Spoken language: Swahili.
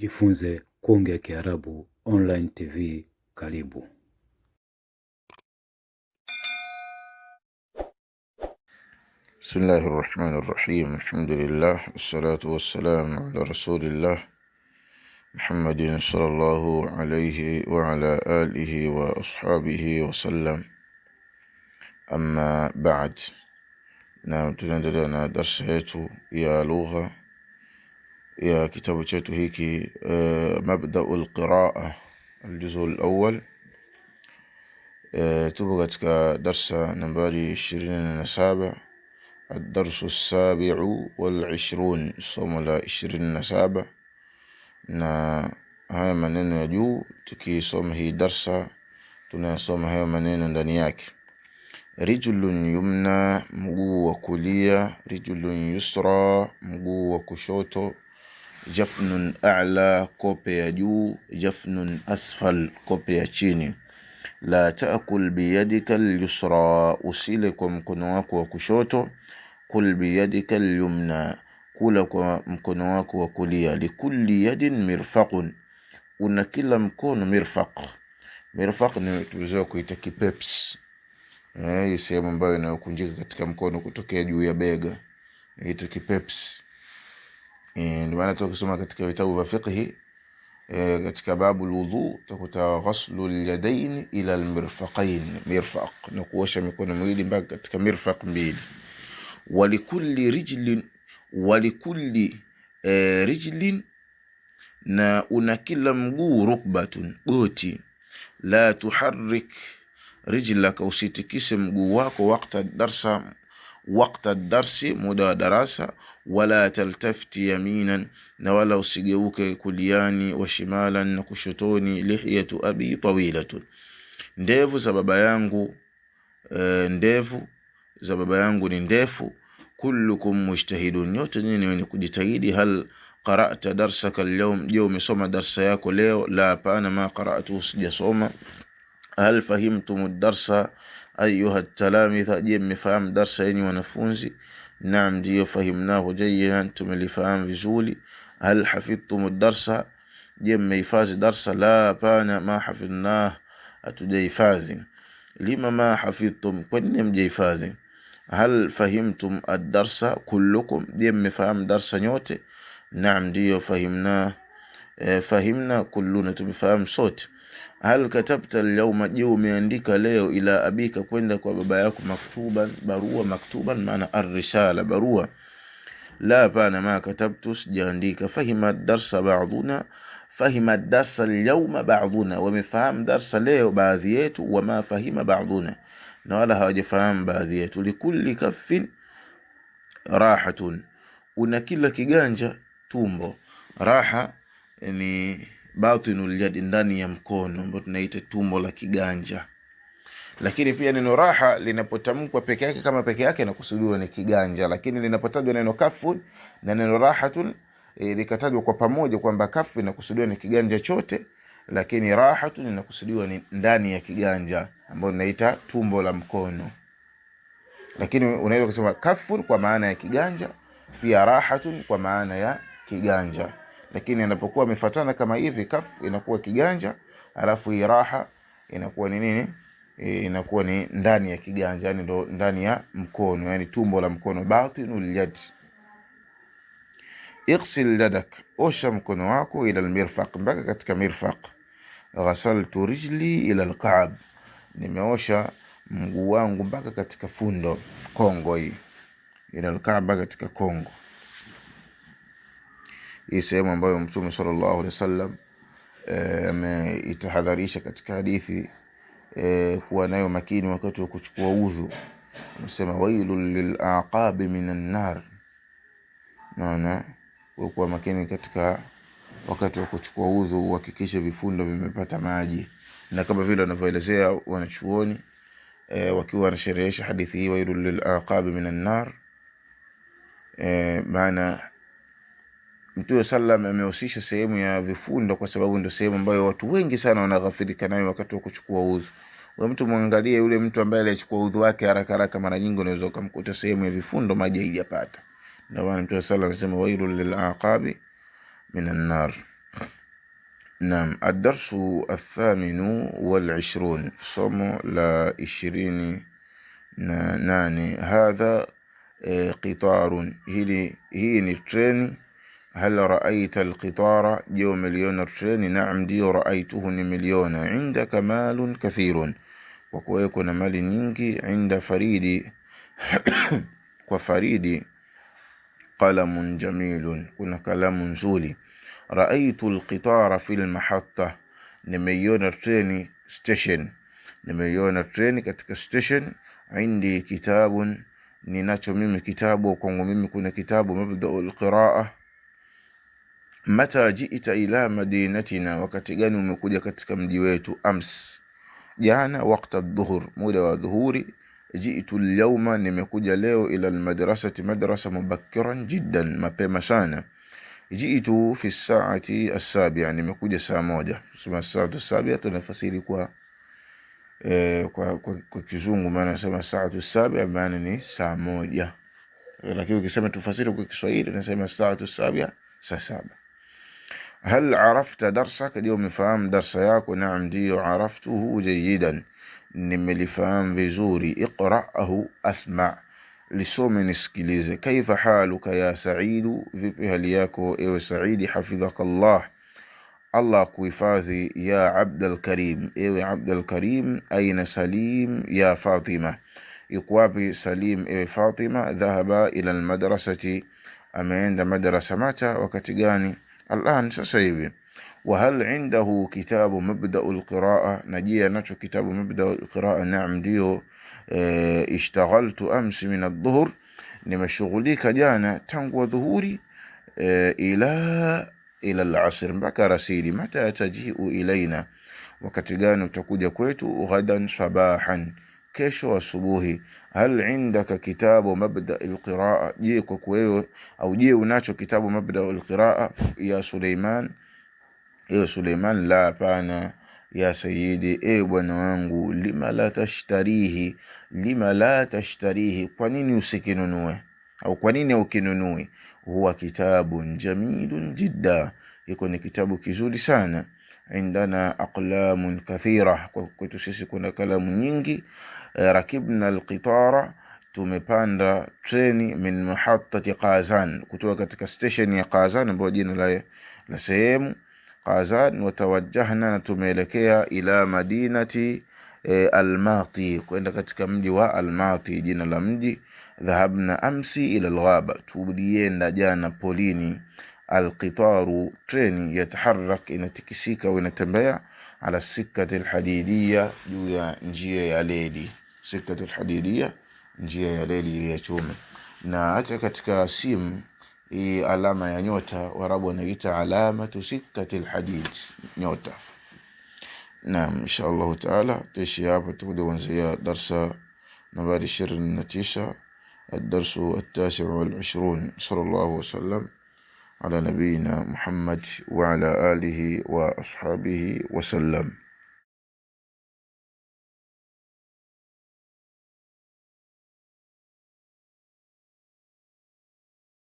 Jifunze Kuongea Kiarabu Online TV karibu. Bismillahi rahmani rahim, alhamdulillah wassalatu wassalamu ala rasulillah Muhammadin sallallahu alayhi wa ala alihi wa ashabihi wasallam, amma baad. Na tunaendelea na darsa yetu ya lugha يا كتاب شاتو هيك آه، مبدأ القراءة الجزء الأول آه، تبغت كدرس نمباري عشرين سابع الدرس السابع والعشرون صوم لا عشرين سابع نا هاي منين يجو تكي صوم هي درس تنا صوم هاي منين دنياك رجل يمنى مقوة كلية رجل يسرى مقوة كشوتو jafnun a'la, kope ya juu, jafnun asfal, kope ya chini. La taakul biyadika lyusra usile kwa mkono wako wa kushoto. Kul biyadika lyumna kula kwa mkono wako wa kulia. likuli yadin mirfaqun, una kila mkono mirfaq. Mirfaq ni tuweza kuita kipeps, eh, sehemu ambayo inayokunjika katika mkono kutokea juu ya bega, inaitwa kipeps. Eh, ndio maana tukisoma katika vitabu vya fiqhi e, katika babu lwudhu utakuta ghaslu lyadain ila lmirfaqain, mirfaq na kuosha mikono miwili mpaka katika mirfaq mbili. Walikulli rijlin, walikulli e, eh, rijlin, na una kila mguu rukbatun, goti. La tuharrik rijlaka, usitikise mguu wako wakta darsa وقت الدرس muda wa darasa wala taltafti yaminan na wala usigeuke kuliani wa shimalan na kushotoni lihiyatu abi tawilatun ndevu za baba yangu e, ndevu za baba yangu ni ndefu kullukum mujtahidun nyote nyinyi wenye kujitahidi hal qara'ta darsaka alyawm je umesoma darsa yako leo la hapana ma qara'tu sijasoma hal fahimtum darsa ayuha talamitha, je, mmefahamu darsa yenye wanafunzi? Naam, ndiyo. Fahimnahu jayidan, tumelifahamu vizuri. Hal hafidhtum darsa, je, mmehifadhi darsa? La, hapana. Ma hafidhnah, hatujahifadhi. Lima ma hafidhtum, kwa nini mjahifadhi? Hal fahimtum ad kullukum, je, mmefahamu darsa nyote? Naam, ndiyo. Fahimna, eh, fahimna kulluna, tumefahamu sote hal katabta lyauma, je umeandika leo? Ila abika, kwenda kwa baba yako. Maktuban, barua. Maktuban maana arrisala, barua. La, pana. Ma katabtu, sijaandika. Fahima darsa baduna, fahima darsa lyauma baduna, wamefahamu darsa leo baadhi yetu. Wama fahima baduna na wala hawajafahamu baadhi yetu. Likulli kaffin rahatun, una kila kiganja tumbo. Raha ni batini uljadi, ndani ya mkono ambao tunaita tumbo la kiganja. Lakini pia neno raha linapotamkwa peke yake kama peke yake inakusudiwa ni kiganja, lakini linapotajwa neno kafun na neno rahatun e, likatajwa kwa pamoja kwamba kafu inakusudiwa ni kiganja chote, lakini rahatun inakusudiwa ni ndani ya kiganja ambao tunaita tumbo la mkono. Lakini unaweza kusema kafun kwa maana ya kiganja, pia rahatun kwa maana ya kiganja lakini anapokuwa amefatana kama hivi, kaf inakuwa kiganja, alafu hii raha inakuwa ni nini? Eh, inakuwa ni ndani ya kiganja, yani ndo ndani ya mkono, yani tumbo la mkono, batinul yad. Ighsil yadak, osha mkono wako, ila almirfaq, mpaka katika mirfaq. Ghasaltu rijli ila alka'b, nimeosha mguu wangu mpaka katika fundo, kongo hii, ila mpaka katika kongo hii sehemu ambayo Mtume sallallahu alaihi wasallam eh, ameitahadharisha katika hadithi e, kuwa nayo makini wakati wa kuchukua udhu. Amesema wailu lilaqabi minan nar, naona kuwa makini katika wakati wa kuchukua udhu, uhakikishe vifundo vimepata maji, na kama vile wanavyoelezea wanachuoni e, wakiwa wanasherehesha hadithi hii wailu lilaqabi minan nar e, maana Mtume sallam amehusisha sehemu ya vifundo kwa sababu ndio sehemu ambayo watu wengi sana wanaghafirika nayo wakati wa kuchukua udhu. Wewe mtu mwangalie yule mtu ambaye alichukua udhu wake haraka haraka, mara nyingi unaweza ukamkuta sehemu ya vifundo maji haijapata. Ndio maana Mtume sallam amesema wailu lil aqabi minan nar. Naam, ad-darsu ath-thaminu wal ishrun, somo la ishirini na nane. Hadha eh, qitarun, hili hii ni treni هل رأيت القطار ديو مليون رشين نعم ديو رأيته مليون عندك مال كثير وكويكو مال نينكي عند فريدي وفريدي قلم جميل كنا كلام زولي رأيت القطار في المحطة نميون رشين ستيشن نميون رشين كتك ستيشن عندي كتاب ni nacho كتابو كونغو kwangu كنا كتابو مبدأ القراءة Mata jiita ila madinatina, wakati gani umekuja katika mji wetu? Ams, jana. Wakta dhuhur, muda wa dhuhuri. Jiitu lyauma, nimekuja leo. Ila lmadrasati, madrasa. Mubakiran jiddan, mapema sana. Jiitu fi saati asabia, nimekuja saa moja. Sema saatu sabia tunafasiri kwa e, kwa, kwa, kwa Kizungu maana nasema saatu sabia maana ni saa moja, lakini ukisema tufasiri kwa Kiswahili nasema saatu sabia, saa saba. هل عرفت درسك اليوم فهم درس ياك ونعم دي عرفته جيدا نملي فهم بزوري اقرأه أسمع لسومن اسكليزي كيف حالك يا سعيد في بهلياكو ايو سعيد حفظك الله الله كويفاذي يا عبد الكريم ايو عبد الكريم اين سليم يا فاطمة يقوابي سليم ايو فاطمة ذهب الى المدرسة امين مدرسة متى وكتقاني الآن سأسأل سيبي وهل عنده كتاب مبدأ القراءة نجي نتو كتاب مبدأ القراءة نعم ديو آه، اشتغلت أمس من الظهر لما شغلي كجانا تنقو ظهوري آه، إلى إلى العصر بك رسيلي متى تجيء إلينا وكتغانو تقود كويتو غدا صباحا kesho asubuhi. Hal indaka kitabu mabda alqiraa, je kwa kwewe au je unacho kitabu mabda alqiraa ya Suleiman? Ewe Suleiman, la, pana Ya sayidi e bwana wangu, lima la tashtarihi, lima la tashtarihi, kwa nini usikinunue au kwa nini ukinunui? Huwa kitabun jamilun jidda, iko ni kitabu kizuri sana indana aqlamun kathira, kwa kwetu sisi kuna kalamu nyingi. E, rakibna alqitara, tumepanda treni. Min muhatati Qazan, kutoka katika station ya Qazan ambayo jina la la sehemu Qazan. watawajahna na tumeelekea ila madinati E, Almati, kwenda katika mji wa Almati, jina la mji. Dhahabna amsi ila alghaba, tulienda jana polini. القطار ترين يتحرك إن تكسيكا وإن على السكة الحديدية جويا نجية يا ليلي سكة الحديدية نجية يا ليلي يا تومي نا سيم إي علامة يا نيوتا وربو نجيت علامة سكة الحديد نيوتا نعم إن شاء الله تعالى تشي هابا تبدو درس نبالي شر النتيشة الدرس التاسع والعشرون صلى الله وسلم على نبينا محمد وعلى آله وأصحابه وسلم